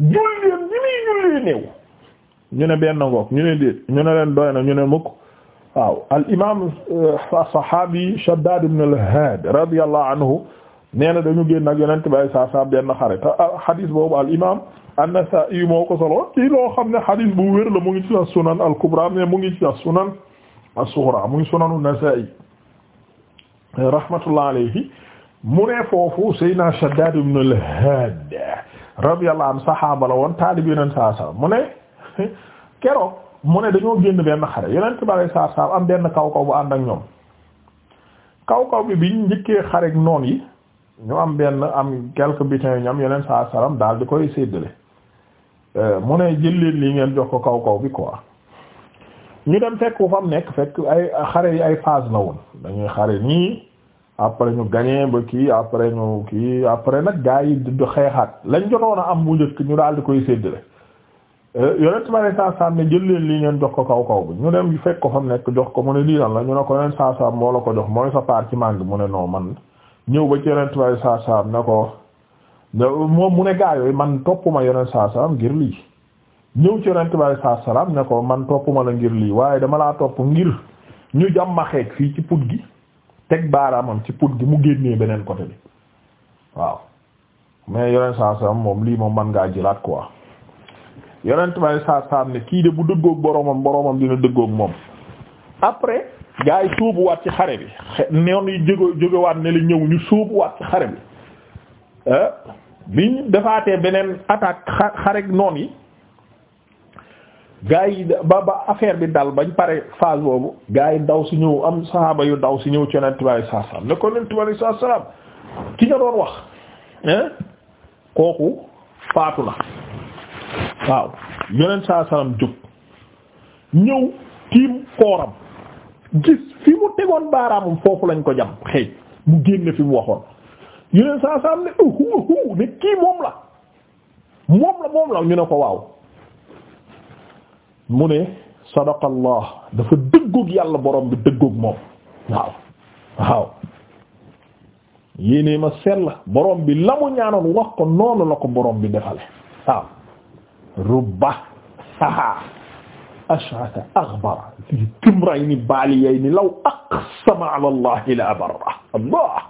julleem ñi muy jullee néew ñu ne benn ngoog ñu ne déet ñu ne leen doy na ñu ne mukk waaw al imam euh, sahabi Shaddad ibn al-Had radiyallahu anhu nee na dañu génn ak yonent bay saa saa benn xare te hadis boobu al imam an-Nasa'i moo ko solo ci loo xam ne hadis bu wér la mu ngi ci as-Sunan al-Kubra mais mu ngi ci as-Sunan as-Sughra mu ngi Sunan an-Nasa'i rahmatullah alayhi mu ne foofu Seydina Shaddad ibn al-Had radiyallahu anhu saxaaba la woon taalib yonent saa saa mu ne keroog mu ne dañoo génn benn xare yonent ba lay saa am benn kaw kaw bu ànd ak ñoom kaw kaw bi biñ njëkkee xare ak noon yi ñu am benn am quelques bitins yu ñam yonent saa daal di koy séddale euh, mu ne jël leen lii ngeen jox ko kaw kaw bi quoi ñu dem fekk fu fa nekk fekk ay xare yi ay phase la woon dañuy xare nii après ñu gagné ba kii après ñu kii après nag gaa yi di xeexaat lañ jotoon a am bu njëkk ñu daal di koy séddale yonent ma ne ne jël lii ngeen jox ko kaw kaw bi ñu dem fekk ko fa nekk jox ko mu ne lii nag la ñu ne ko yonent saasam moo la ko jox mooy sa part ci màng mu ne non man ñëw ba ci yonent ma ne saasam ko moom mu ne gaa yooyu man toppuma yonent saasam ngir lii ñëw ci yonent ma ne saasam ko man toppuma la ngir lii waaye dama laa topp ngir ñu jàmma xeet fii ci put gi. teg baaraamam ci put gi mu génnee beneen côté bi waaw mais yonent saa saam moom lii moom man ngaa jëlaat quoi yonent may saa saam ne kii de bu dëggoog boromam boromam dina dëggoog moom après gaa yi suubuwaat ci xare bi noon yi jóge jógewaat ne la ñëw ñu suubuwaat ci xare bi biñ defaatee beneen attaque xare noon yi gaa yi ba ba affaire bi dal bañ pare phase boobu gaa yi ndaw si ñëw am saxaaba yu ndaw si ñëw ci yonent bi sallallahu alayhi wasallam ne ko yonent bi sallallahu alayhi wasallam ki nga faatu na waaw yonent sallallahu alayhi wasallam jóg ñëw tiim kooram gis fi mu tegoon baaraamum foofu lañ ko jam xëy mu génne fi mu waxoon yonent sallallahu alayhi wasallam ne uhu uhu ne kii moom la moom la moom la ñu ne ko waaw mu ne sadaqallah dafa dëggoog yàlla boroom bi dëggoog moom waaw waaw yéenee ma sell boroom bi la mu ñaanoon wax noonu la ko boroom bi defale waaw rubba ash'ata aghbara fi timrayni baliyayni law aqsama ala allah la abarra allah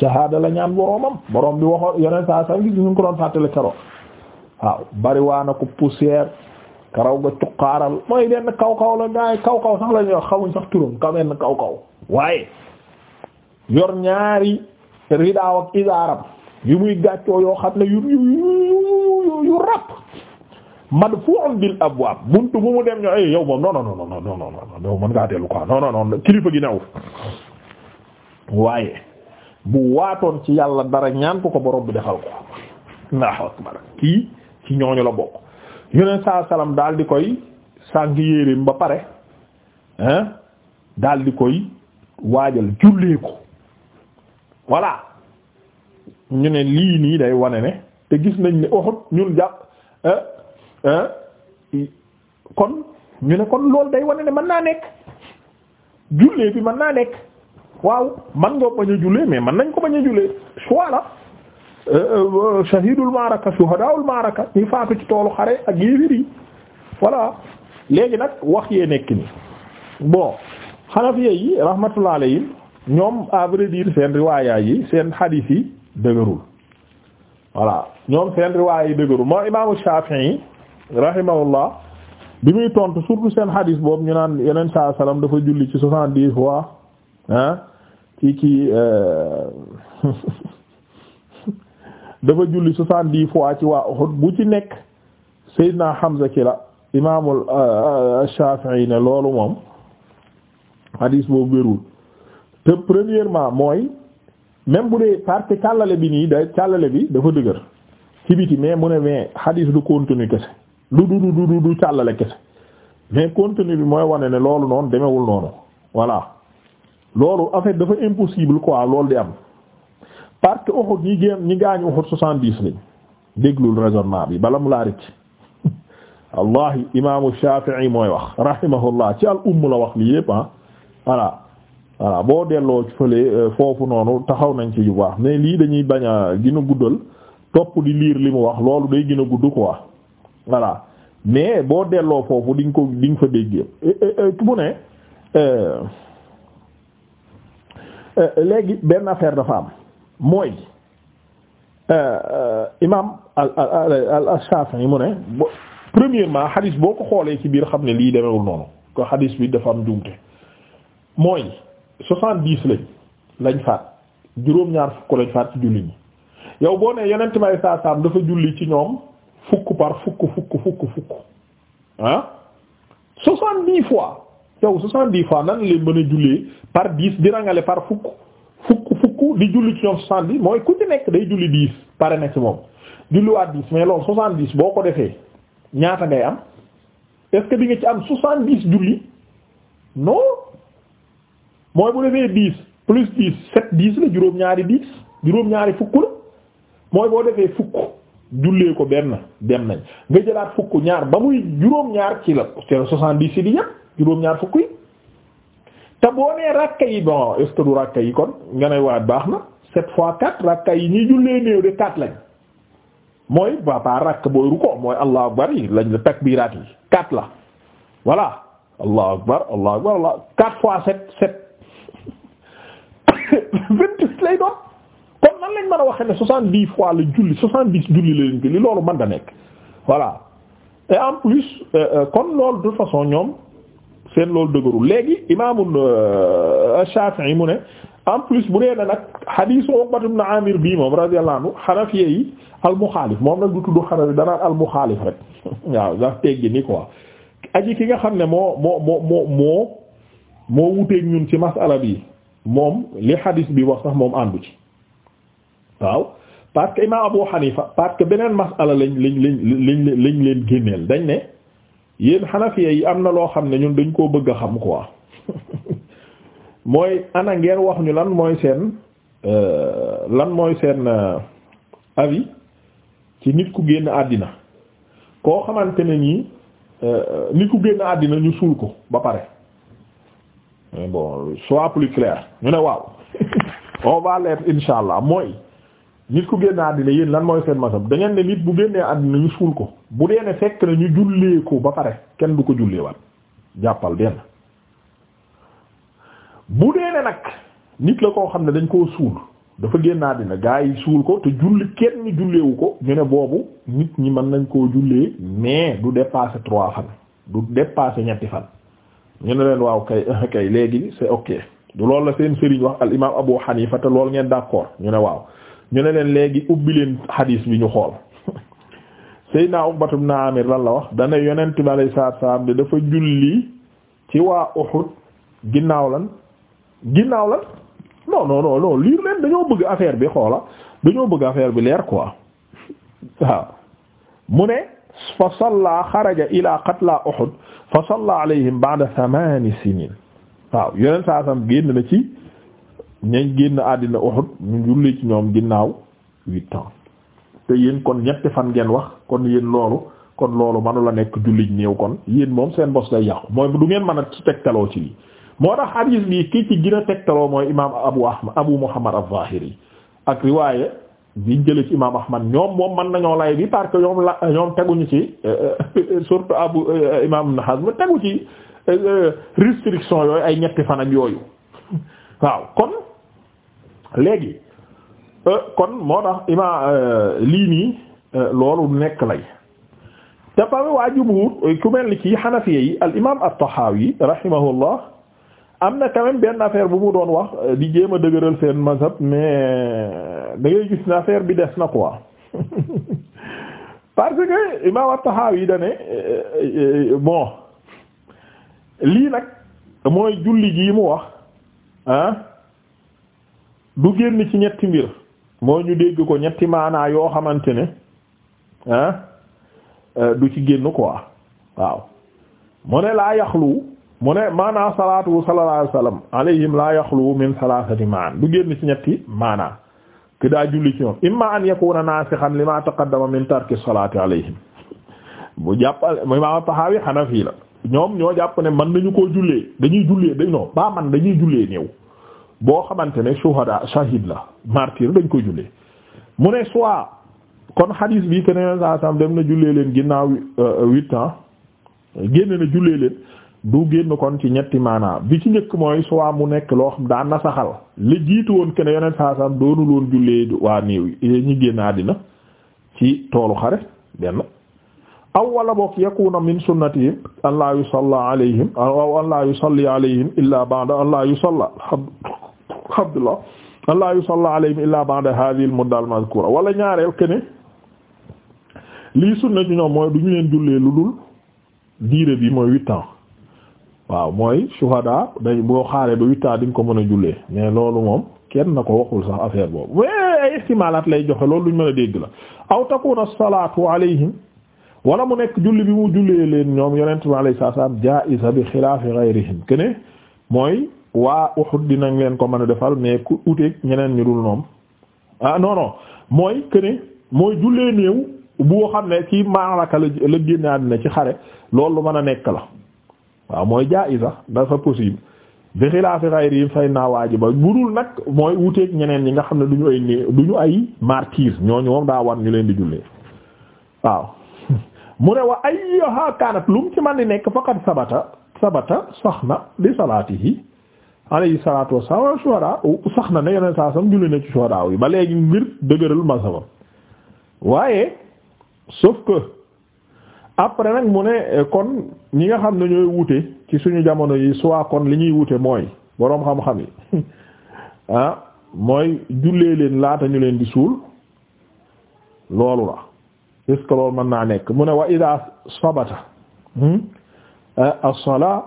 shahada la ñaan boromam borom bi waxoon yeneen saa saa ngi ñu ko doon fàttali kero bari waa na ko karaw ga cuqaaral mooy benn kaw kaw la gaa kaw kaw sax la ñuy xamuñ sax turam ka benn kaw kaw waaye yor ñaari ridaaw ak isaaram yu muy gàccoo yoo xam ne yu yu yu yu rab madfu'un bil abwaab buntu bu mu dem ñoo eh yow moom non non non non non non non non non non kilifa gi new waaye bu waatoon ci yàlla dara ñaan ko ko borom bi defal ko Allahu akbar kii ci ñooñu la bokk. yoneen saa salaam daal di koy sànq yéeréem ba pare hein daal di koy waajal jullee ko voilà ñu ne lii nii day wane ne te gis nañ ne waxut ñun jàpp ah ah kon ñu ne kon loolu day wane ne mën naa nekk jullee bi mën naa nekk waaw man nga bañ a jullee mais mën nañ ko bañ a jullee choix la. shahidul maaraka shuhadaul maaraka ñi faatu ci toolu xare ak yéefir yi voilà léegi nag wax yee nekk ni bon xanafiya yi rahmatullah alayhim ñoom à vrai seen riwaaya yi seen xadiis yi dëgërul voilà ñoom seen riwaaya yi dëgërul moo imaamu Shaafi'i rahimahullah bi muy tontu surtout seen xadiis boobu ñu naan yeneen saa salaam dafa julli ci soixante-dix fois ah ci ci euh, dafa julli soixante-dix fois ci waa Uhud bu ci nekk Seydina Hamza ki la imaamul euh, euh, Shafi'i ne loolu moom hadis boobu wérul te premièrement mooy même bu dee parce que càllale bi nii day càllale bi dafa dëgër ci biti mais mu ne mais hadis du contenu kese du du du du du càllale kese mais contenu bi mooy wane ne loolu noonu demewul noonu voilà loolu en fait dafa impossible quoi loolu di am. parce que Uhud ñi génn ñi gaañu Uhud soixante-dix lañ déglul raisonnement bi bala mu laa rëcc wallahi imaamu Shafi'i mooy wax rahimahullah ci al umm la wax lii yépp ah voilà voilà boo delloo ci fële euh, foofu noonu taxaw nañ ci yu baax mais lii dañuy bañ a gën a guddal topp di liir li mu wax loolu day gën a gudd quoi voilà mais boo delloo foofu di nga ko di nga fa dégg yëpp mu ne euh, euh, léegi benn affaire dafa am mooy euh, euh, imaam al al al al Shafi'i mu ne premièrement xadis boo ko xoolee ci biir xam ne lii demewul noonu ko xadis bi dafa am jumte mooy soixante dix lañ lañ faat juróom-ñaar fukk lañ faat ci julli ñi yow boo ne yeneen may saa dafa julli ci ñoom fukk par fukk fukk fukk fukk ah soixante dix fois yow soixante dix fois nan la mën a jullee par dix di rangale par fukk fukk fukk di julli ci ñoom soixante dix mooy ku ci nekk day julli dix pare na ci moom julliwaat dix mais loolu soixante dix boo ko defee ñaata ngay am est bi nga ci am soixante dix julli non mooy bu defee dix plus dix sept dix juróom-ñaari dix juróom-ñaari fukk la mooy boo defee fukk jullee ko benn dem nañ nga jëlaat fukk ñaar ba muy juróom-ñaar ci la c'est soixante dix yi di ñàkk juróom-ñaar fukk yi. te boo nee rakka yi bon est-ce que du rakka yi kon nga ne waat baax na sept fois quatre rakka yi ñuy jullee néew de quatre lañ mooy ba ba booy ruko mooy allahu akbar yi lañ la takbiraat yi quatre la voilà allahu akbar allahu akbar allah quatre fois sept sept vingt-huit lay doon kon nan lañ mën a waxee ne soixante-dix fois la julli soixante-dix julli la lañ julli loolu mën da nekk voilà et en plus euh, euh, kon loolu de façon ñoom seen loolu dëgërul léegi imaamul euh, Shafi'i mu ne en plus bu dee na nag hadiisu Uqbat ibn Amir bii moom radiyallahu anhu xanafiye yi almuxaalif moom nag du tudd xanafi danaan almuxaalif rek waaw ndax teggi ni quoi aji ki nga xam ne moo moo moo moo moo moo wuteeg ñun ci masala bii moom li hadis bi wax moom àndu ci waaw parce que imaam Abu Hanifa parce que beneen masala lañ lañ lañ lañ lañ leen génneel dañ ne yéen xanafiya yi am na loo xam ne ñoom dañ koo bëgg a xam quoi mooy ana ngeen wax ñu lan mooy seen euh, lan mooy seen euh, avis ci nit ku génn àddina koo xamante ne nii euh, nit ku génn àddina ñu suul ko ba pare bon soit plus clair ñu ne waaw on va l'être inshallah mooy nit ku génne àddina yéen lan mooy seen masab da ngeen ne nit bu génnee àddina ñu suul ko bu dee ne fekk na ñu jullee ko ba pare kenn du ko jullee waat jàppal benn bu dee ne nag nit la koo xam ne dañ koo suul dafa génne àddina gaa yi suul ko te julli kenn ñu julleewu ko ñu ne boobu nit ñi mën nañ koo jullee mais du dépasser trois fan du dépasser ñetti fan ñu ne leen waaw kay kay léegi c'est ok du loolu la seen sëriñ wax al imaam Abu Hanifa te loolu ngeen d'accord ñu ne waaw. ñu ne leen léegi ubbi leen xadiis bi ñu xool Seydina Uqbatu ibn Amir lan la wax dana yonent bi alayhi salaatu salaam dafa julli ci waa Uhud ginnaaw lan ginnaaw lan non non non liir leen dañoo bëgg affaire bi xoola dañoo bëgg affaire bi leer quoi waaw mu ne fa salla xaraja ila qatla Uhud fa salla alayhim ba'da thamani waaw yonent saa sam génn na ci ñañ génn àddina Uhud ñu julli ci ñoom ginnaaw huit te yéen kon ñetti fan ngeen wax kon yéen loolu kon loolu manu la nekk jullit néew kon yéen moom seen bos lay yàqu mooy du ngeen mën a ci tegtaloo ci lii moo tax hadis bi kii ci gën a tegtaloo mooy imaam Abu Ahmad Abu Muhammad az-Zahiri ak riwaaye biñ jële ci imaam Ahmad ñoom moom man nañoo lay bi parce que ñoom la ñoom teguñu ci euh, surtout Abu euh, imaam Ibn Hazm tegu ci euh, restriction yooyu ay ñetti fan yooyu léegi euh, kon moo tax ima euh, lii nii euh, loolu nekk lay te pare waa jumhur ku mel ni ci xanafiya yi al imaam at-Tahawi rahimahullah am na quand benn affaire bu mu doon wax di jéem a dëgëral seen mazhab mais da gis ne affaire bi des na quoi parce que imaam at-Tahawi da ne lii nag mooy julli ji mu wax du génn ci ñetti mbir moo ñu dégg ko ñetti maanaa yoo xamante ne euh, du ci génn quoi waaw mu ne laa yaxlu mu ne maanaa salaatu sallallahu alayhi wasallam alayhim laa yaxlu min salaasati maan du génn ci ñetti maanaa ki daa julli ci ñoom imma an yakuna nasikhan lima taqaddama min tarki salaati alayhim bu jàppal imam Tahawi Hanafi la ñoom ñoo jàpp ne man nañu koo jullee dañuy jullee dañ non ba man dañuy jullee néew boo xamante ne shuhada shahid la martyr dañ ko jullee mu ne soit kon hadis bi que ne saa sam dem na jullee leen ginnaaw euh, huit génn na jullee leen du kon ci ñetti maana bi ci njëkk mooy soit mu nekk loo xam daa nasaxal li jiitu woon que ne yeneen saa sam doonul woon jullee waa néew yi ñi génn àddina ci toolu xare benn aw wala boog yakuna min sunnatihim an la yusalla alayhim aw an la yusalli alayhim illa ba'da an la Abdullah allah yusalla alayhim illa ba'da hadhihi al mudda al mazkura wala ñaareel kene lii sunna ci ñoom mooy du ñu leen jullee lu dul diire bi mooy huit ans waaw mooy shuhada dañ boo xaaree ba huit ans di nga ko mën a jullee mais loolu moom kenn na ko waxul sax affaire boobu mais ay ihtimalaat lay joxe loolu luñ mën a dégg la aw takuna salaatu alayhim wala mu nekk julli bi mu jullee leen ñoom yonent bi alayhi salaam jaa'iza bi xilaafi ghayrihim kene mooy waa Uhud dinañ ngeen ko mën a defal mais ku uteeg ñeneen ñu dul noom ah non mooy que mooy jullee néew boo xam ne ci maalaka la la génne àddina ci xare loolu lu mën a nekk la waaw mooy jaa'iza dafa possible bi xilaafi yi fay naa waajiba bu dul nag mooy wuteeg ñeneen ñi nga xam ne du ñu ay néew du ñu ay martyr ñooñu moom daa war ñu leen di jullee waaw mu ne wa kaanat lu mu ci man di nekk faqad sabata sabata sax na li salaatihi alayhi salaatu wassalaam shuhada sax na ne yeneen saa sam julli na ci shuhada yi ba léegi ngir dëgëral masaba waaye sauf que après nag mu ne kon ñi nga xam ne ñooy wute ci suñu jamono yi soit kon li ñuy wute mooy boroom xam-xam yi ah, mooy jullee leen laata ñu leen di suul loolu la est que loolu mën naa nekk mu ne wa ida sobata hmm, as-salaa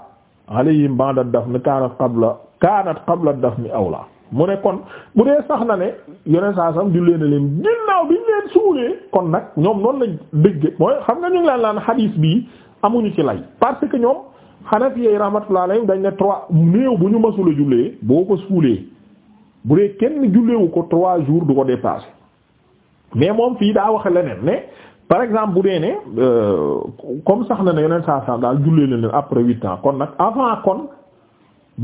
alayhim ba'da dafn kaanat qabla kaanat mi aw la mu ne kon bu dee sax na ne yeneen saa sam jullee na leen ginnaaw bi ñu leen suulee kon nag ñoom noonu lañ dégge mooy xam nga ñu ngi laan laan xadiis bii amuñu ci lay parce que ñoom Hanafi yi rahmatullah alayhim dañ ne trois néew bu ñu masula jullee boo ko suulee bu dee kenn julleewu ko trois jours du ko dépassé mais moom fii daa waxe leneen ne par exemple bu dee ne euh, comme sax na ne yeneen saa sam daal jullee na leen après huit ans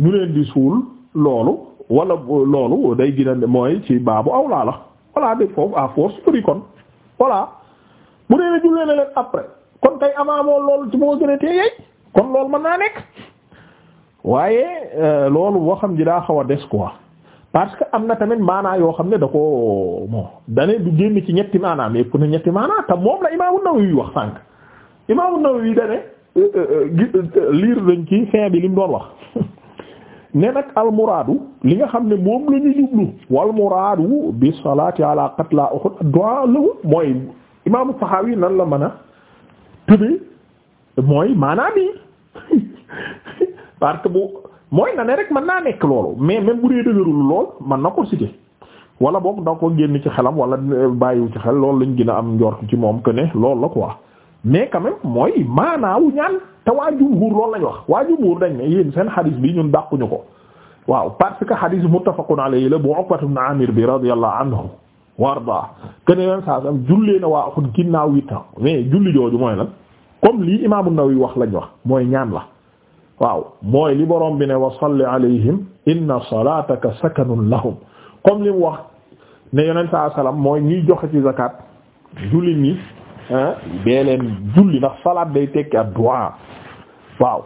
ñu leen di suul loolu wala loolu day gën mooy ci baabu awlaa la voilà de foofu à force pri kon voilà bu dee ne jullee na leen après kon kay avant moo loolu ci moo gën a teeyey kon loolu mën naa nekk waaye euh, loolu boo xam ji daa xaw a des quoi parce que am na tamit maanaa yoo xam ne da ko bon dane du génn ci ñetti maanaa mais pour ne ñetti maanaa te moom la Imaamu Nawawi wax sànq Imaamu Nawawi dane euh, euh, liir dañ ci fin bi li mu doon wax ne nag almuraadu li nga xam ne moom la ñu jublu wal muraadu bi salaati ala qatla Uhud du'a lahu mooy imaamu Tahawi nan la mën a tëbee mooy maanaam yi parce que bu mooy na ne rek mën naa nekk loolu mais même bu dee dëgërul lool mën na ko citer wala boog da ko génn ci xelam wala bàyyiwu ci xel loolu lañ gën a am njort ci moom que ne loolu la quoi. mais quand mooy maanaawu ñaan te waa jumhur loolu lañ wax waa jumhur dañ ne yéen seen xadis bi ñun dàquñu ko waaw parce que xadis muttafaqun alayhi la bu Uqbat ibn Amir bi radiyallahu anhu wa arda kene yoon saa sam jullee na waa axut ginnaaw wittan mais julli jooju mooy lan comme lii imaamu Nawawi wax lañ wax mooy ñaan la waaw mooy li borom bi ne wa salli alayhim inna salataka sakanun lahum comme li mu wax ne yonent saa sallam mooy ñiy joxe ci zakat julli dee leen julli ndax salaat day tekki ak du'a waaw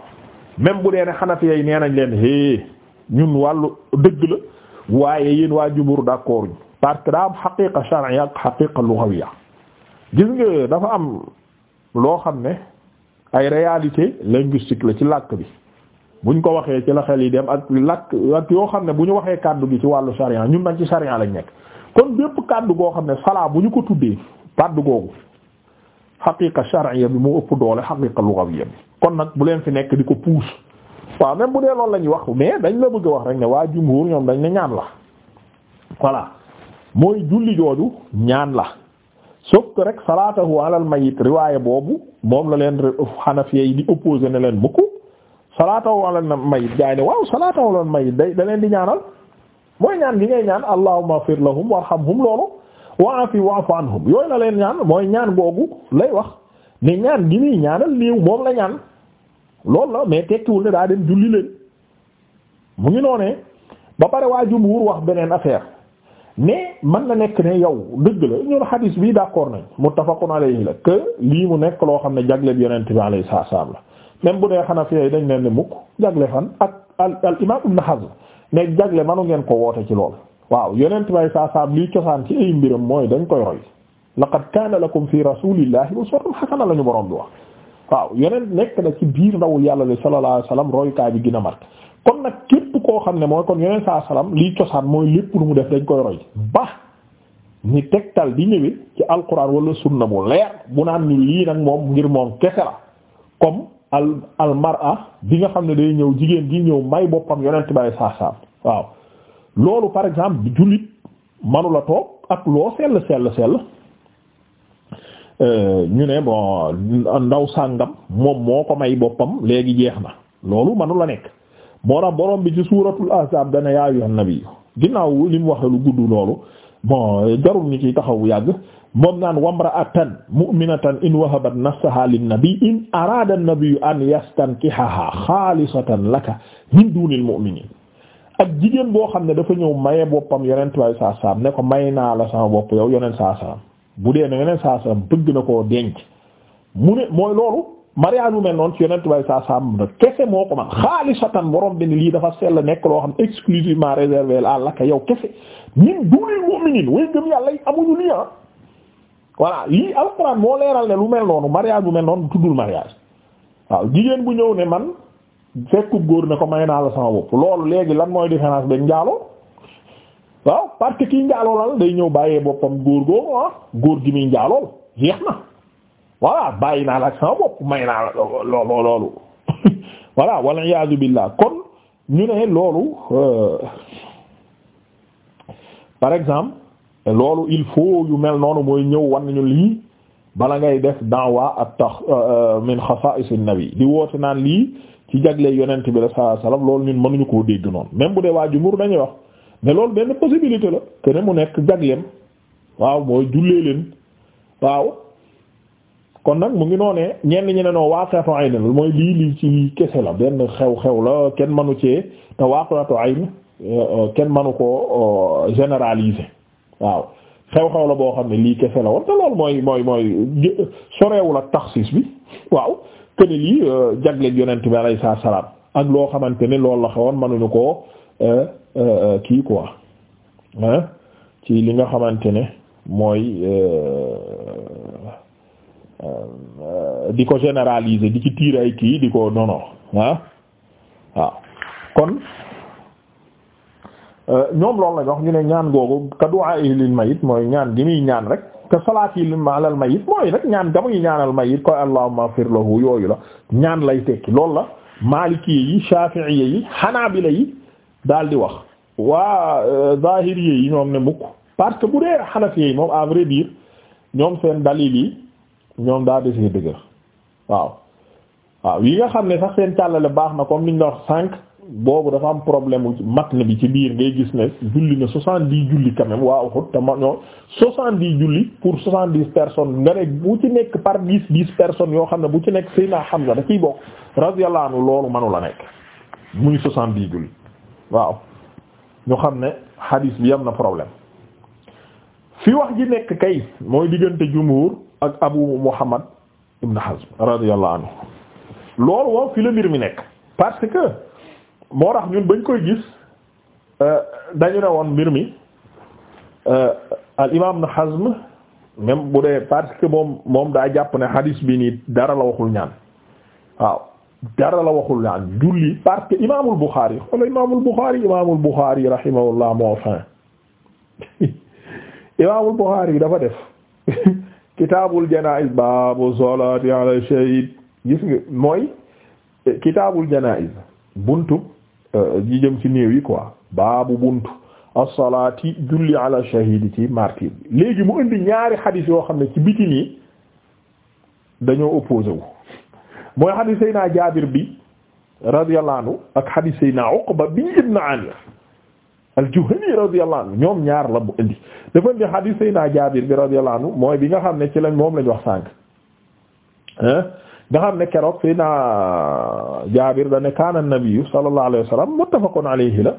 même bu dee ne xanafi yi nee nañ leen hé ñun wàllu dëgg la waaye yéen waa jumhur d'accord ñu parce que daa am xaqiqa shar'iyya ak xaqiqa lughawiyya gis nga dafa am loo xam ne ay réalité linguistique la ci làkk bi bu ñu ko waxee ci la xel yi dem ak làkk ak yoo xam ne bu ñu waxee kàddu gi ci wàllu sharia ñun nag ci sharia lañ nekk kon bépp kàddu goo xam ne salaa bu ñu ko tuddee kàddu googu xaqiqa shar'iyya bi moo ëpp doole xaqiqa lughawiyya bi kon nag bu leen fi nekk di ko puus waaw même bu dee loolu la ñuy wax mais dañ la bëgg wax rek ne waa jumhur ñoom dañ ne ñaan la voilà mooy julli jooju ñaan la rek salaatahu alal mayit riwaayé boobu moom la leen xanafiya yi di leen mukk salaatahu alal mayit gaa yi ne waaw salaatahu alal mayit day da leen di ñaanal mooy ñaan gi ngay ñaan allahumma ighfir lahum warhamhum loolu waa waafi waafu anhum yooyu la leen ñaan mooy ñaan boobu lay wax ne ñaan gi muy ñaanal liiw moom la ñaan loolu la mais tekkiwul ne daa dem julli leen mu ngi noonee ba pare waa jumhur wax beneen affaire mais man na nekk ne yow dëgg la ñun hadis bi d'accord nañ muttafaqun alayhi la que lii mu nekk loo xam ne jagleel yonent bi alayhi salaam la même bu dee xanaa fii dañ leen ne mukk jagle fan ak al al imaam Ibn Hazm mais jagle manu ngeen ko woote ci lool. waaw yonent bay saasaam liy cosaan ci ay mbiram mooy dañ koy roy laqad kaana lakum fi rasulillahi uswatun hasana la ñu boroom bi wax waaw yeneen nekk na ci biir ndawul yàlla li sallallahu alayhi wasallam royukaay bi gën a mat kon nag képp koo xam ne mooy kon yonent saa salaam liy cosaan mooy lépp lu mu def dañ koy roy ba ni tegtal di ñëwee ci alquran wala sunna bu leer bu naan ni lii nag moom ngir moom kese la comme al al bi nga xam ne day ñëw jigéen di ñëw may boppam yonent bay saasaam waaw loolu par exemple bi jullit manula toog ak loo sell sell sell euh, ñu ne bon ndaw sàngam moom moo ko may boppam léegi jeex na loolu manula nekk moo tax borom bi ci suuratul ahzaab dana yaa ayyuhan nabi ginnaaw li waxee lu gudd loolu bon jarul ñu ci taxaw yàgg moom naan wamra'atan mu'minatan in wahabat nafsaha linnabi in araada an an yastankihaha xaalisatan laka min duunil mu'miniin ak jigéen boo xam ne dafa ñëw maye boppam yonent waaye saa saam ne ko may naa la sama bopp yow yonent saa saam bu dee ne yonent saa saam bëgg na koo denc mu ne mooy loolu mariage bu mel noonu ci yonent waaye saa saam kese moo ko man xaalisatan borom bi ni nekk loo xam exclusivement réservé à laka yow kese min duunil mu'minin yàlla yi amuñu lii ah lu mel noonu mariage mel noonu tuddul waaw jigéen bu ñëw ne man fekku góor ne ko may naa la sama bopp loolu léegi lan mooy différence bi njaaloo waaw parce que kii njaaloo lal day ñëw bàyyee boppam góor góor ah góor gi muy njaaloo jeex na voilà bàyyi naa la ak sama bopp may naa la loolu loolu voilà walla iyaazu billaah kon ñu ne loolu euh, par exemple loolu il faut yu mel noonu mooy ñëw wan nañu lii bala ngay def daawa at tax euh, euh, min xasaa'is an-nabi di woote naan lii ci jagleel yonent bi la saa salaam loolu ñun mënuñu koo dégg noonu même bu dee waa jumhur dañuy wax mais loolu benn possibilité la que ne mu nekk jagleem waaw mooy jullee leen waaw kon nag mu ngi noonee ñenn ñi ne noo waaqatu ayn la mooy lii lii ci lii kese la benn xew-xew la kenn manu cee te waaqatu ayn euh, kenn manu koo euh, généraliser waaw xew-xew la boo xam ne lii kese la woon te mooy mooy mooy sorewul ak taxsiis bi waaw. këni lii euh, jagleeg yonent bi alayhi salaam ak loo xamante ne loolu la xewoon manuñu koo euh, euh, kii quoi hein ci li nga xamante ne mooy di ko généraliser di ci tiir ay kii di ko nono ah waaw kon ñoom loolu lañ wax ñu ne ñaan googu ka du'a ahlil mayit mooy ñaan gi muy ñaan rek te salaat yi ma alal mayit mooy rek ñaan gamuy ñaanal mayit koy allahumma ighfir lahu yooyu la ñaan lay tekki lool la maliki yi shafi'i yi hanabila yi daal di wax waa euh, zahiri yi ñoom ne mukk parce que bu dee hanafi yi moom à vrai dire ñoom seen dalil yi ñoom daa desee dëgër waaw waaw yi nga xam ne sax seen càllale baax na comme niñ la wax cinq boobu dafa am problème wu matn bi ci biir ngay gis ne julli na soixante-dix julli quand même waa Uhud te ma ñoo soixante-dix julli pour soixante-dix personnes nga ne bu ci nekk par dix dix personnes yoo xam ne bu ci nekk Seydina Hamza da ciy bokk radiyallahu anhu loolu mënu la nekk muy soixante-dix julli waaw ñu xam ne hadis bi am na problème fi wax ji nekk kay mooy diggante jumhur ak Abu Muhammad ibn Hazm radiyallahu anhu loolu wow fi la mbir mi nekk parce que moo tax ñun bañ koy gis euh, dañu ne woon mbir mi euh, al imaam Ibn Hazm même bu dee parce que moom daa jàpp ne hadis bi nii dara la waxul ñaan waaw dara la waxul ñaan julli parce que imaamul Bukhari wala imaamul Bukhari imaamul Bukhari rahimahullah moo fin imaamul Bukhari dafa def kitaabul janaa'iz baabu salaati ala shahid gis nga mooy kitaabul janaa'iz buntu. ji euh, jëm ci néew yi quoi baabu bunt as-salaati julli ala shahidi ci martyr bi léegi mu indi ñaari xadis yoo xam ne ci biti yi dañoo opposé wu mooy xadis Seydina Jaabir bi radiyallahu anhu ak xadis Seydina Uqba bi ibn Amir al-Juhani radiyallahu anhu ñoom ñaar la mu indi dafa indi xadis Seydina Jaabir bi radiyallahu anhu mooy bi nga xam ne ci lañ moom lañ wax sànq. nga xam ne keroog fii naa Jaabir da ne kaana nabiyyu sallallahu alayhi wa sallam muttafaqun alayhi la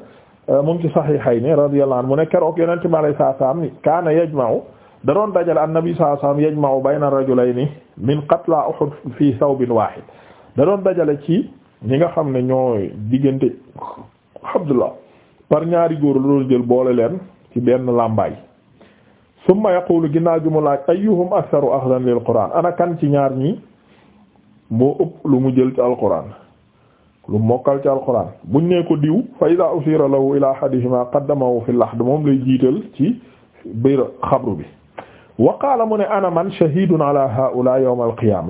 mu ngi ci sahihayni radiyallahu anhu mu ne keroog yonent bi alayhi salaam kaana yajma'u da doon dajale annabi sallallahu alayhi wa sallam yajma'u bayna rajulayni min qatla Uhud fii thawbin waahid da doon dajale ci ñi nga xam ne ñoo diggante Abdullah par ñaari góor la doon jël boole leen ci benn làmbaay summa yaqulu ginnaaw gi mu laaj ayyuhum aktharu lil Qur'an ana kan ci ñaar ñi moo lu mu jël ci alquran lu mokkal ci alquran buñ nee ko diw fa ida usira lahu ila ahadihima qaddamahu fi lahd moom lay jiital ci biir xabru bi wa mu ne ana man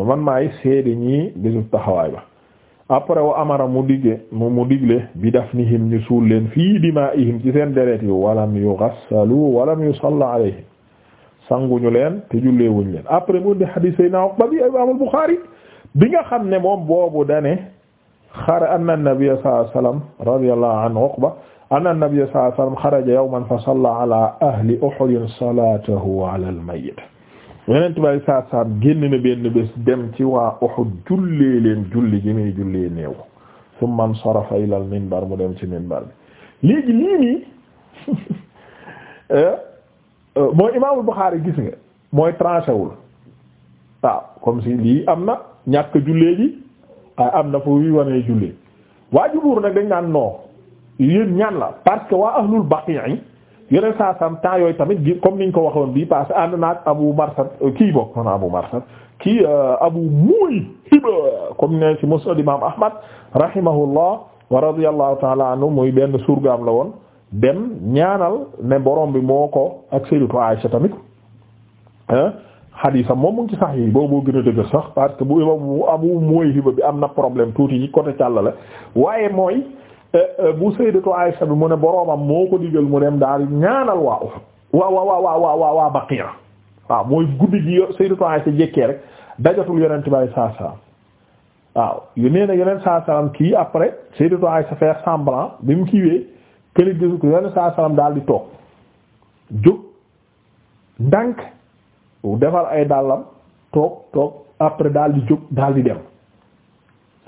man maay seede ñii bisub taxawaay ba après wa amara mu digge mu mu digle bi dafnihim ñu suul leen fii dimaihim ci seen deret yi walam yughassalu walam yusalla alayhim sanguñu leen te jullee wuñ leen après mu di hadith sayna Uqba bi imam al-Bukhari bi nga xam ne moom boobu dane xara anna nabiyya sallallahu alayhi wasallam radiyallahu anhu Uqba anna nabiyya sallallahu alayhi wasallam xaraja yawman fa salla dem ci waa Uhud jullee leen julli ji muy jullee néew summa nsarafa ila minbar mu dem ci minbar bi léegi lii nii eh, eh, mooy Imaamul Buxaari gis nga mooy tranché wul comme si lii am ñàkk jullee ji ah, am na fu wanee jullee waa jumhur nag dañ naan non yéen ñaan la parce que waa ahlul baqi'i yeneen saa sam temps yooyu tamit comme niñ ko waxoon bii parce que ànd naag abu marsad kii bokk na abu marsad kii euh, abu muwayhiba comme ne ci musnad imam ahmad rahimahullah wa radiyallahu taala anhu muy benn surgaam la woon dem ñaanal ne borom bi moo ko ak sayyidatu Aisha tamit xadiisam moom mu ngi ci sax yi boobu gën a sax parce que bu imam bi am na problème tuuti ci côté càllale waaye mooy euh, euh, bu sayyidatu bi mu ne boroomam moo ko digal mu dem daal ñaanal waa waa waa waa waa waa Baqiya waaw mooy guddi gi sayyidatu jekkee rek dajatul yonent bi saa saa waaw yu nee na saa salaam kii après sayyidatu Aysa faire bi mu kiiwee kële gisu ko yonent saa salaam daal di toog jóg ndànk defal ay dàllam toog toog après daal di jóg daal di dem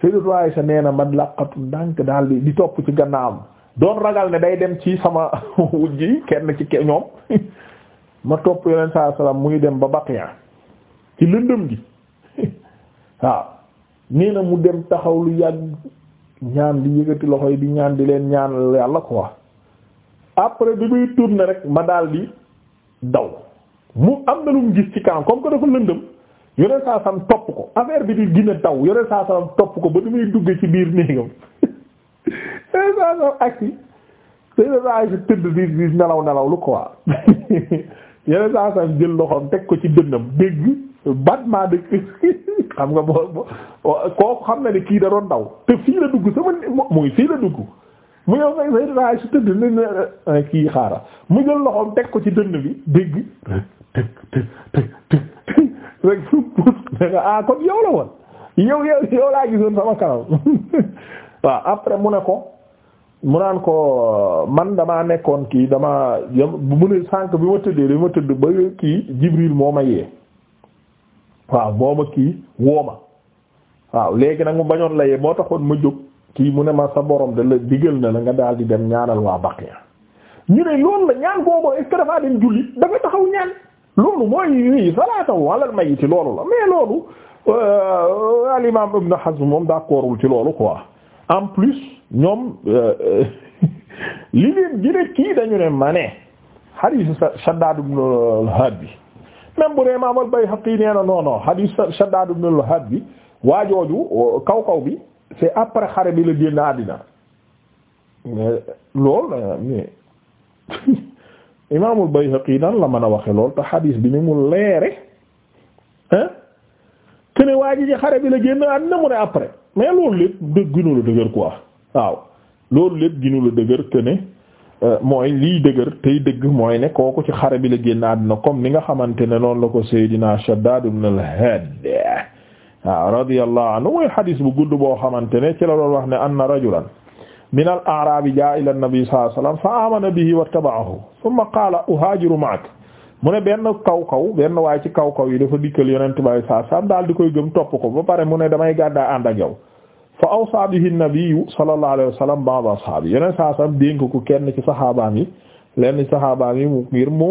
Sayyidatu Aisha nee na man laqatu ndànk daal di topp ci gannaawam doon ragal ne day dem ci sama wujj yi kenn ci ñoom ma topp yoneen saa salaam muy dem ba Baqiya ci lëndëm gi waaw nee mu dem taxaw lu yàgg ñaan di yëgati loxo yi di ñaan di leen ñaan yàlla quoi après bi muy tourner rek ma dal di daw. mu am na lu mu gis ci kanam comme que dafa lëndëm yoneen saa sam topp ko affaire bi di gin a daw yoneen saa sam topp ko ba du muy dugg ci biir néegam yoneen saa sam agsi yoneen saa agsi tëdd di di nelaw nelaw lu ko waa yoneen saa sam jël loxoom teg ko ci dënnam dégg battement de xam nga boo koo xam na ne kii da doon daw te fii la dugg sama muy fii la dugg mu yow say daaay su tëdd ne eh, kii xaara mu jël loxoom teg ko ci dënn bi dégg ne nga ah kon yow la woon yow yow yow laa gisoon sama karaw waaw après mu ne ko mu naan ko man damaa nekkoon kii damaa mu ne sànq bi ma tëddee bi ma tëdd ba kii Jibril moo ma yee waaw moo ma kii woo ma waaw léegi nag mu bañoon la yee moo taxoon ma jóg kii mu ne ma sa borom da la digal na nga daal di dem ñaanal waa Baqiya ñu ne loolu la ñaan boobu est-ce dafa dem julli dafa taxaw ñaan. loolu mooy salaatu alal mayiti loolu la mais loolu euh, al imam Ibn Hazm moom d'accordul ci loolu quoi en plus ñoom euh, li leen gëne kii dañu ne ma ne hadith Shaddad ibn al-Had bi même bu al-Bayhaqi na non non hadith Shaddad ibn al waajooju kaw kaw bi c'est après xare bi la génn àddina mais loolu mais imaamul Bayhaqi nan la mën a waxe lool te xadiis bi ni mu leere hein kene waa ji ci xare bi la génn àddina mu ne après mais loolu lépp ginu la dëgër quoi waaw loolu lépp ginu la dëgër que euh, mooy liy dëgër tey dëgg mooy ne kooku ci xare bi la génn àddina comme ni nga xamante ne noonu la ko Seydina Shaddad ibn al-Had waaw radiyallahu anhu mooy xadiis bu gudd boo xamante ne ci la doon wax ne anna rajulan min al a'raabi jaa ila nabi sallallahu alayhi wasallam fa amana bihi wattaba'ahu thumma qaala uhaajiru ma'ak mu ne benn kaw kaw benn waaye ci kaw kaw yi dafa dikkal yonent bi saa saam daal di koy gëm topp ko ba pare mu ne damay gàddaa ànd ak yow fa awsaa bihi nabiyyu sallallahu alayhi wasallam ba ashaabi yonent saa saam dénk ko kenn ci saxaabaam yi lenn ci saxaabaam yi mu ngir mu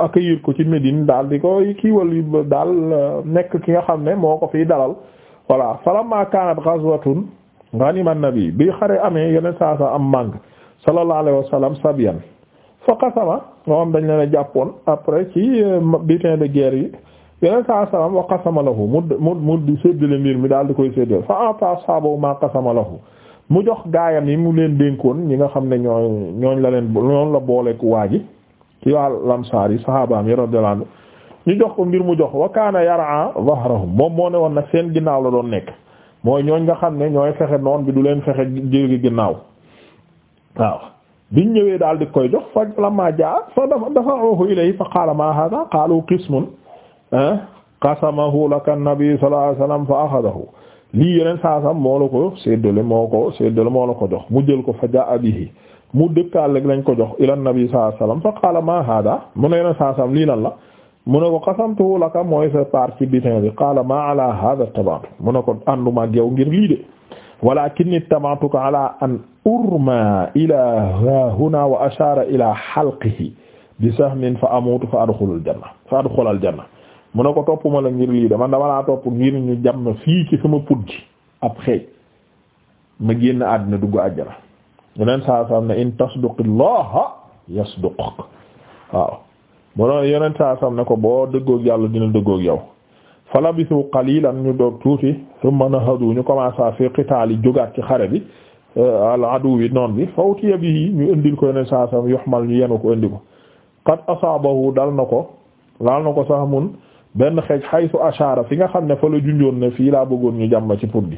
accueillir ko ci Médine daal di koy kiiwal daal nekk ki nga xam ne moo ko fi dalal voilà ganima nabi bi xare amee yeneen saa saa am màng sallallahu alayhi wa sallam sabiyan fa qasama moom dañ leen a jàppoon après ci euh, butin bi guerre yi yeneen saa saa wa qasama lahu mu mu mu di séddale mbir mi daal di koy séddale fa ata saabu ma qasama lahu mu jox gaayam yi mu leen dénkoon ñi nga xam ne ñoo ñooñ la leen ñooñ la booleek waa ji ci waa lamsaar yi saxaabaam yi radiyallahu ñu jox ko mbir mu jox wa kaana yar'a zahrahum moom moo ne woon nag seen ginnaaw la doon nekk mooy ñooñ nga xam ne ñooy fexe noon bi du leen fexe jéegi ginnaaw waaw biñ ñëwee daal di koy jox fa lamma jaa fa dafa dafa ilay fa qaala ma hada qaalu qismun eh, qasamahu laka nabi sallallahu alayhi wasallam fa axadahu lii yeneen saasam moo la ko séddale moo ko séddale moo la ko jox mu jël ko fa jaa bihi mu dëkkaal lañ ko jox ila nabi sallallahu alayhi fa qaala ma hada mu ne yeneen saasam lii lan la mu ne ko qasamtuhu laka mooy sa part ci butin bi qaala ma ala hadha tabatu mu ko ànduma ak yow ngir lii de walakinni tabatuka an urma ila hahuna wa ashara ila halqihi bi sahmin fa amutu fa ko topp ma ngir lii de man dama ngir ñu jàmm fii ci sama put ji ab ma génn àddina dugg àjjana yeneen saa saa ne in tasduqillaha yasduquk mu yeneen saa sam ko boo dëggoog yàlla dina dëggoog yow fa labisu qalilan ñu doog tuuti summa nahadu ñu commencé fi qitaali jógaat ci xare bi euh, al adu bi noon bi fa utiya bihi ñu indil ko yeneen saa sam yuhmal yenu ko indi ko qad asaabahu dal na ko laal na ko sax mun benn xeej haythu ashara fi nga xam ne fa la junjoon ne fii laa bëggoon ñu jàmm ci put bi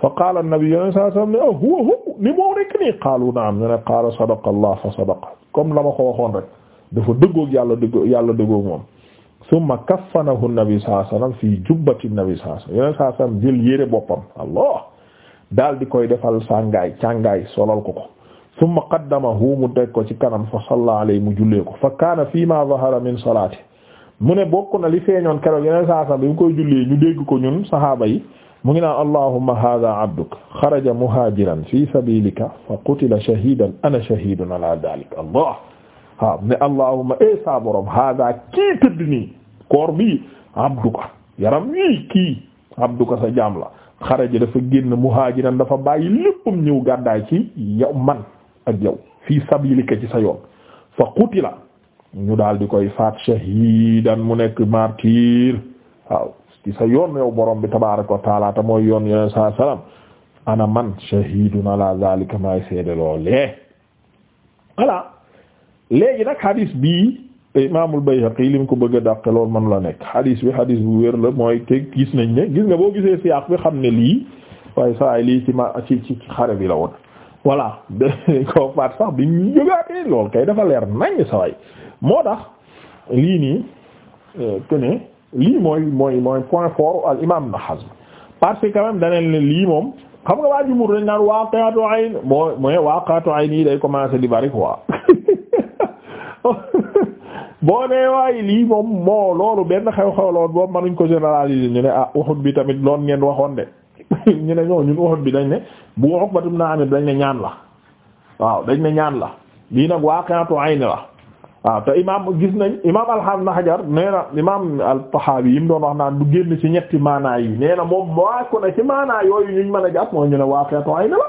fa qaala an-nabi yeneen saa sam ne ah huwa huwa ni moo rekk nii qaalu naam ñu ne qaala sadaqa allah fa sadaqa comme la ko waxoon rek dafa dëggoog yàlla dëggoo yàlla dëggoog moom summa kaffanahu nabi sallallahu alayhi wasallam fii jubbati nabi sallallahu alayhi wasallam saa jël yére boppam allah daal di koy defal sàngaay càngaay solal ko ko summa qaddamahu mu teg ko ci kanam fa salla alayhi mu jullee ko fa kaana fii ma zahara min salaati mu ne bokk na li feeñoon keroog yeneen saa sam bi mu koy jullee ñu dégg ko ñun saxaaba yi mu ngi naan allahumma hadha abduk xaraja muhajiran fi sabilika fa qutila shahidan ana shahidun ala dhalik allah waaw ne allahumma e sa borom hada kii tëdd nii koor bi abduka yaram wii kii abduka sa jaam la xaraja dafa génn muhaajiran dafa bàyyi léppam ñëw gàddaay ci yow man ak yow fii sabilika ci sa yoon fa qutila ñu daal koy faat shahidan mu nekk martyr waaw ci sa yoon yow boroom bi tabaaraka wa taala mooy yoon yeneen saa salaam ana man shahidun ala zalika maay seede loolee voilà léegi nag hadis bii imaamul Bayhaqi li mu ko bëgg a dàqe loolu mën nekk hadis bi hadis bu wér la mooy te gis nañ ne gis nga boo gisee siyaaq bi xam ne lii waaye saa lii ci ma ci ci xare bi la woon voilà ko faat sax bi ñu jógaatee lool kay dafa leer nañ saway moo tax lii nii euh, que ne lii mooy mooy mooy point fort al imam na Hazm parce que quand même ne lii moom xam nga waa jumur dañ naan waaqi'atu ayn moo mooy waaqi'atu ayn yi day commencer di bari quoi boo nee waaye lii moom moo loolu benn xew-xew la woon boobu mënuñ ko généraliser ñu ne ah Uhud bi tamit lool ngeen waxoon de ñu ne ñoo ñun Uhud bi dañ ne bu Uqbatum na amit dañ ne ñaan la waaw dañ ne ñaan la lii nag waaqi'atu ayn la waaw te imaam gis nañ imaam alxaam na xajar nee na imaam al-Tahawi yi mu doon wax naan du génn ci ñetti maanaa yi nee na moom waa ko ne ci maanaa yooyu ñu mën a jàpp mooy ñu ne waaqi'atu ayn la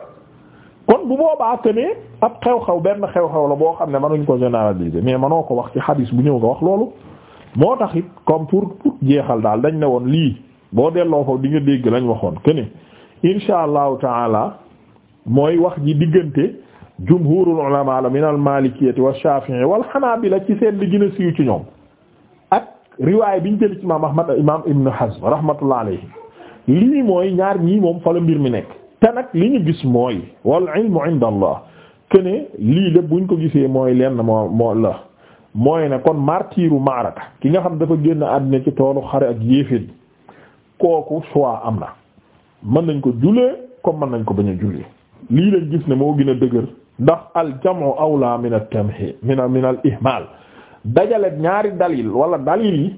kon bu boobaa que ne ab xew-xew benn xew-xew la boo xam ne mënuñ ko généraliser mais manoo ko wax ci xadis bu ñëw nga wax loolu moo taxit it comme pour pour jeexal daal dañ ne woon lii boo delloo foofu di nga dégg lañ waxoon que ne insha allahu taala mooy wax ji diggante jumhurul ulama la min al malikiyati wa shafi'i wal xanaa bi la ci seen li gën a siiw ci ñoom ak riwaay biñ jël ci imam ahmad imam ibn hazm rahmatullah alayhi lii mooy ñaar ñii moom fa mbir mi nekk te nag li ñu gis mooy wal ilmu inda allah lii lépp buñ ko gisee mooy lenn moo moo la mooy ne kon martiru maaraka ki nga xam dafa génn àddina ci toolu xare ak yéeféen kooku choix am na mën nañ ko julee comme mën nañ ko bañ a julee lii lañ gis ne moo gin a dëgër ndax al jamu awla min al tamhi min min al ihmal dajale ñaari dalil wala dalil yi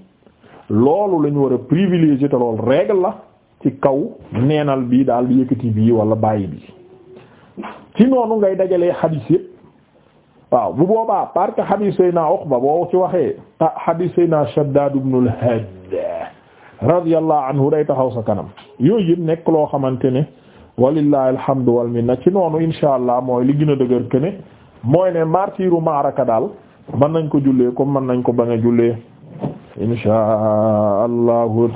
loolu lañu ñu war a privilégier te loolu règle la ci kaw neenal bii daal di yëkkati bii wala bàyyi bi ci noonu ngay dajalee xadiis yëpp waaw bu boobaa parce que xadiis sayna Uqba boo ci waxee ah xadiis sayna Shaddaad ibn al-Hadd anhu day taxaw sa kanam yooyu yëpp nekk loo xamante ne walillahi alhamdu wal ci noonu insha mooy li gën a dëgër que mooy ne martiru maaraka daal mën nañ ko jullee comme mën nañ ko ba a jullee insha allahu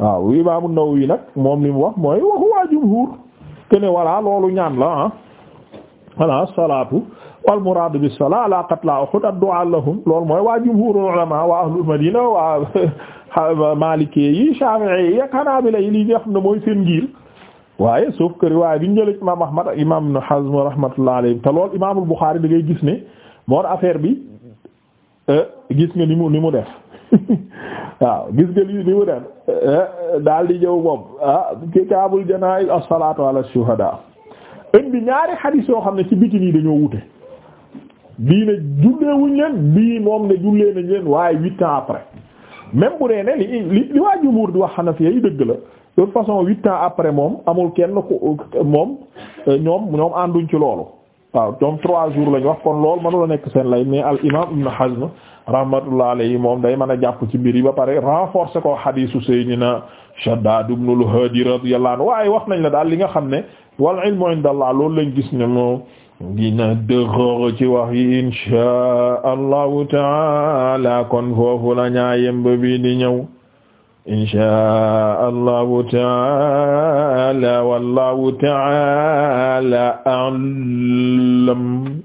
waaw Imaamu Nawawi nag moom li mu wax mooy waxu waa jumhuur te ne loolu ñaan la ah voilà salaatu wal muraadu bis salaa ala qatla Uhud ad lahum loolu mooy waa jumhuurul ulamaa waa ahlul madina waa maalikee yi Shaafi'i yi ak Hanaabila yi li nga xam mooy seen ngir waaye sauf que riwaaya bi ñu jëlee imaam Ahmad imaam Ibn Hazm te loolu imaamul Buxaari da gis ni moo affaire bi euh, gis nga ni mu ni mu def. waaw gis nga lii ni mu dem eh, daal di ñëw moom ah kitaabul janaa'iz as-salaatu ala shuhadaa indi ñaari xadiis yoo xam ne ci biti nii dañoo wute bii ne jullee wuñ leen bii moom ne jullee nañ leen waaye huit ans après même bu dee ne li li li waa jumuur di wax xanafiya yi dëgg la de façon huit ans après moom amul kenn ku moom ñoom ñoom ànduñ ci loolu waaw ñoom trois jours lañ wax kon loolu mënula nekk seen lay mais al imaam Ibn Hazm rahmatullah alayhi moom day man a jàpp ci mbir yi ba pare renforcer ko hadisu sayyidina Shaddad ibn al-Hadi radiyallahu anhu waaye wax nañ la daal li nga xam ne wal ilmu indallah loolu lañ gis ne moom dina taala kon foofu la ñaayemb bi di ñëw insha allahu taala wallahu taala alam